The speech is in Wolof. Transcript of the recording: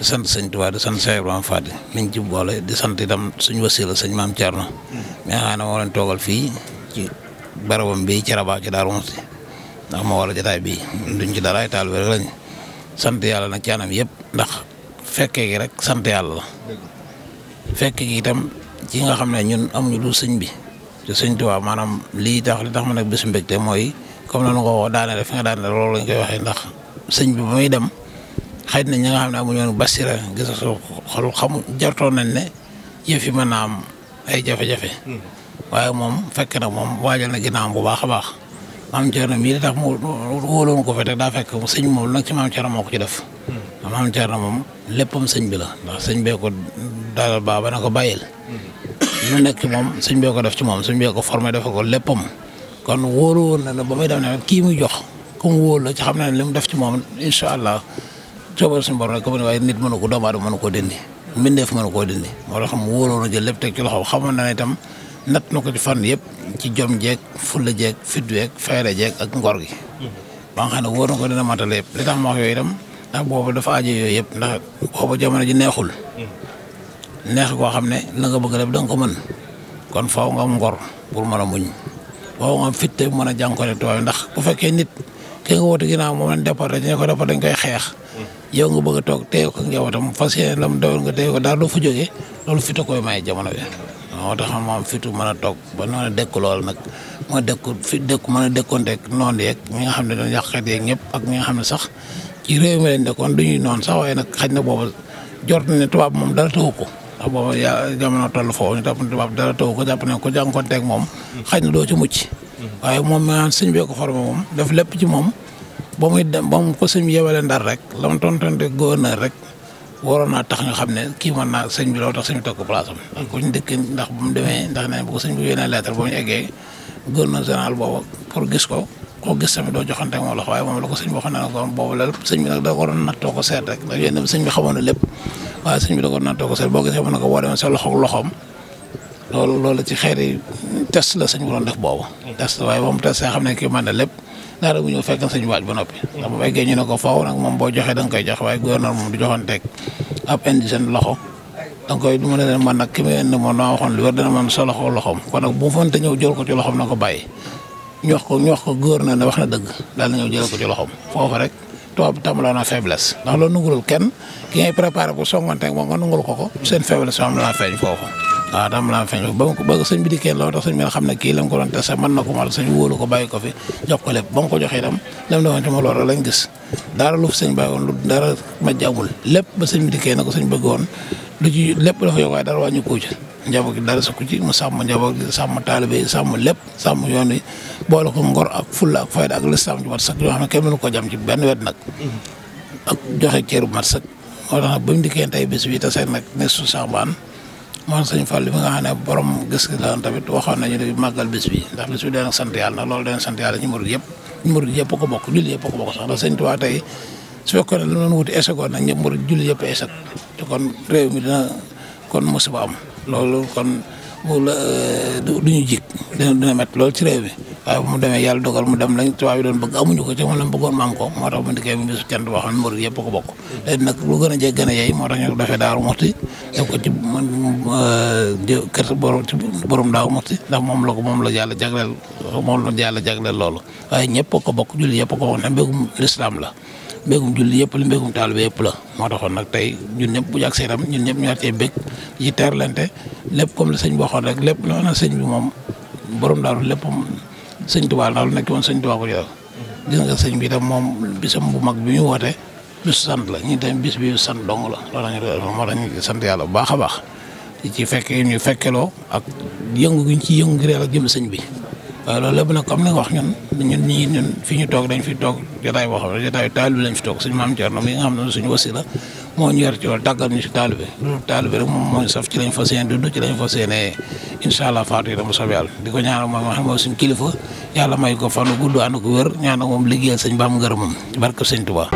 di sant sëñ Tuubaa di sant Cheikh Ibrahima Fadi mi ñu ci boole di sant itam suñu wasila sëñ Maam Thierno. mais xanaa moo leen toogal fii ci barabam bii ci Rabaa ci Darou Mouhty ndax moo war a jotaay bii duñ ci daraay sant yàlla nag ci anam ndax fekkee gi rek sant yàlla la. fekkee gi itam ci nga xam ne ñun am amuñu lu sëñ bi te sëñ Tuubaa maanaam lii tax li tax ma nag bisu mbégte mooy comme noonu ko daane fi nga daane loolu lañ koy waxee ndax sëñ bi muy dem. xëy na ñi nga xam ne amuñu woon basira gis xol xamu jartoon nañ ne yëf yi mën naa am ay jafe-jafe. Mm-hmm. waaye moom fekk na moom waajal na ginnaawam bu baax a baax. maam Thierno mii li tax mu ko fa daa fekk sëñ moom nag ci moo ko ci def. Mm-hmm. maam Thierno moom léppam sëñ bi la ndax sëñ beeko ko daal baa ba na ko bàyyil. Mm-hmm. lu nekk moom sëñ bee ko def ci moom sëñ bee ko formé dafa ko léppam. kon wóolu woon na ne ba muy def ne kii muy jox comme wóolu la xam xam ne li mu def ci moom incha allah coobal suñu borom rek ko ne waaye nit mënu ko doomu aadama mënu koo dindi mbindeef mënu koo dindi moo tax mu wóoroon a jël lépp teg ci loxo xamoon na ne itam natt na ko ci fànn yëpp ci jom jeeg fulla jeeg fit jeeg fayda jeeg ak ngor gi mm-hmm. ba nga xam ne wóor na ko dina matale yëpp li tax ma wax yooyu itam ndax boobu dafa aajo yooyu yëpp ndax boobu jamono ji neexul mm-hmm. neex koo xam ne la nga bëgg lépp da nga ko mën kon faaw nga am ngor pour mën a muñ faaw nga am fit te mën a jànkuwante tubaab ndax bu fekkee nit ki nga woote ginnaaw moom lañ départ dañ ko départ dañ koy xeex mm-hmm. yow nga bëgg a toog téye ko njabootam fas yéene lam dawal nga téye ko daal doo fa jógee loolu fitu koy may jamono bi moo tax moom fitu mën a toog ba mën a dëkk lool nag mën a dëkk fi dëkk nga xam ne dañu yàqeet yeeg ñëpp ak mi nga xam ne sax ci réew mi lañ dëkkoon du ñuy noon sax waaye nag xaj na booba jort na ne tubaab moom dara taxu ko ndax booba yaa jamono toll foofu ñu jàpp ne tubaab dara taxu ko japp ne ko jànkoonteeg moom xaj na doo ci mucc mm-hmm. waaye moom maanaam sëñ bee ko formé moom def lépp ci moom ba muy dem ba mu ko sëñ bi yebale ndar rek la mu tontonte gouverneur rek waroon naa tax ñu xam ne kii mën naa sëñ bi loolu bi toog ko place ko sëñ bi yónnee lettre ba mu eggee gouverneur général boobu pour gis ko koo gis tamit la waaye moom ko na ko boobu nag ko waroon nattoo ko seet rek ndax yéen sëñ loolu loolu ci xeeti test la sëñ bi doon def boobu mm. test waaye moom test xam ne kii mën na lépp daara bu ñëw fekk na sëñ waaj ba noppi ndax bu fekkee ñu ko faw nag moom boo joxee da nga koy jox waaye gouverneur moom du joxanteeg ab indi seen loxo da koy du ma ne leen man nag ki may indi moom dama waxoon li war dana man kon nag bu mu fante ñëw jël ko ci loxoom na ko bàyyi ñu wax ko ñu wax ko gouverneur ne wax na dëgg daal na ñëw jël ko ci loxoom foofu rek tubaab bi tàmbaloo na faiblesse ndax loolu nungulul kenn ki ngay préparé bu songanteeg moom nga nungul ko ko seen faiblesse am la feeñ foofu waaw ah, dama laan feeñ ba ko ba bi dikkee loo tax sëñ bi xam ne kii la mu ko doon tese mën na ko mal sëñ wóolu ko bàyyi ko fi jox ko lépp ba mu ko joxee itam lam doon ci dara lu fi ba sëñ bi dikkee na ko sëñ bëgg woon lu ci lépp dafa yokk waaye dara ko ci njaboot gi dara sakku mu sàmm njaboot gi sàmm taalibe yi sàmm lépp sàmm yoon wi boole ko ngor ak fulla ak fayda ak lislaam ju mat sëkk yoo xam ne kenn mënu ko jam ci benn wet nag mhm. ak joxe cër bu mat sëkk moo tax nag ba mu dikkee tey bés bi tase nag ne su sàmbaan moom sëñ Fall li nga xam borom gis-gis la tamit waxoon na ne màggal bis bi ndax bis bi dana sant yàlla ndax loolu dana sant yàlla ñu murid yëpp ñu murid yëpp ko bokk julli yëpp ko bokk sax ndax sëñ Tuubaa tey su fekkoon ne lu doon wuti échec woon nag ñëpp murid yëpp échec kon réew mi dina kon musiba am loolu kon bu euh, du ñu jik dina dina métti loolu ci réew mi waaye bu mu demee yàlla dogal mu dem lañ tubaab yi ko la mu bëggoon ma bokk a a euh, la ko moom la yàlla jagleel moom la yàlla jagleel loolu waaye ñëpp ko bokk julli yëpp ko bokk ne mbégum lislaam la mbégum julli yëpp la mbégum taalibe yëpp la moo taxoon nag tey ñun ñëpp bu jàk la sëñ bi moom borom daaru lépp sëñ Tuubaa loolu nekk woon sëñ Tuubaa bu yor gis nga sëñ bi tam moom bisam bu mag bi ñu woote bis sant la ñu tam bis bi sant dong la loolu la moo tax ñu sant yàlla bu baax a baax ci fekkee ñu fekkeeloo ak yëngu gi ñu ci yëngu ngir ak jëm sëñ bi waaw loolu lépp nag comme ni wax ñun ñun ñun fi ñu toog dañ fi toog jotaay boo xam ne jotaayu taalibe lañ fi toog suñu maam Thierno mi nga xam wasila moo ñu yar ci loolu tàggal ñu si taalibe loolu hmm. taalibe rek moom mooy saf ci lañ fas yéene dund ci lañ fas yéene incha faatu yi dama sob yàlla di ko ñaanal moom ma xam mooy suñu ko fanu gudd ànd ko wér ñaanal moom liggéeyal sëñ Bamba ngërëm moom barke sëñ Tuubaa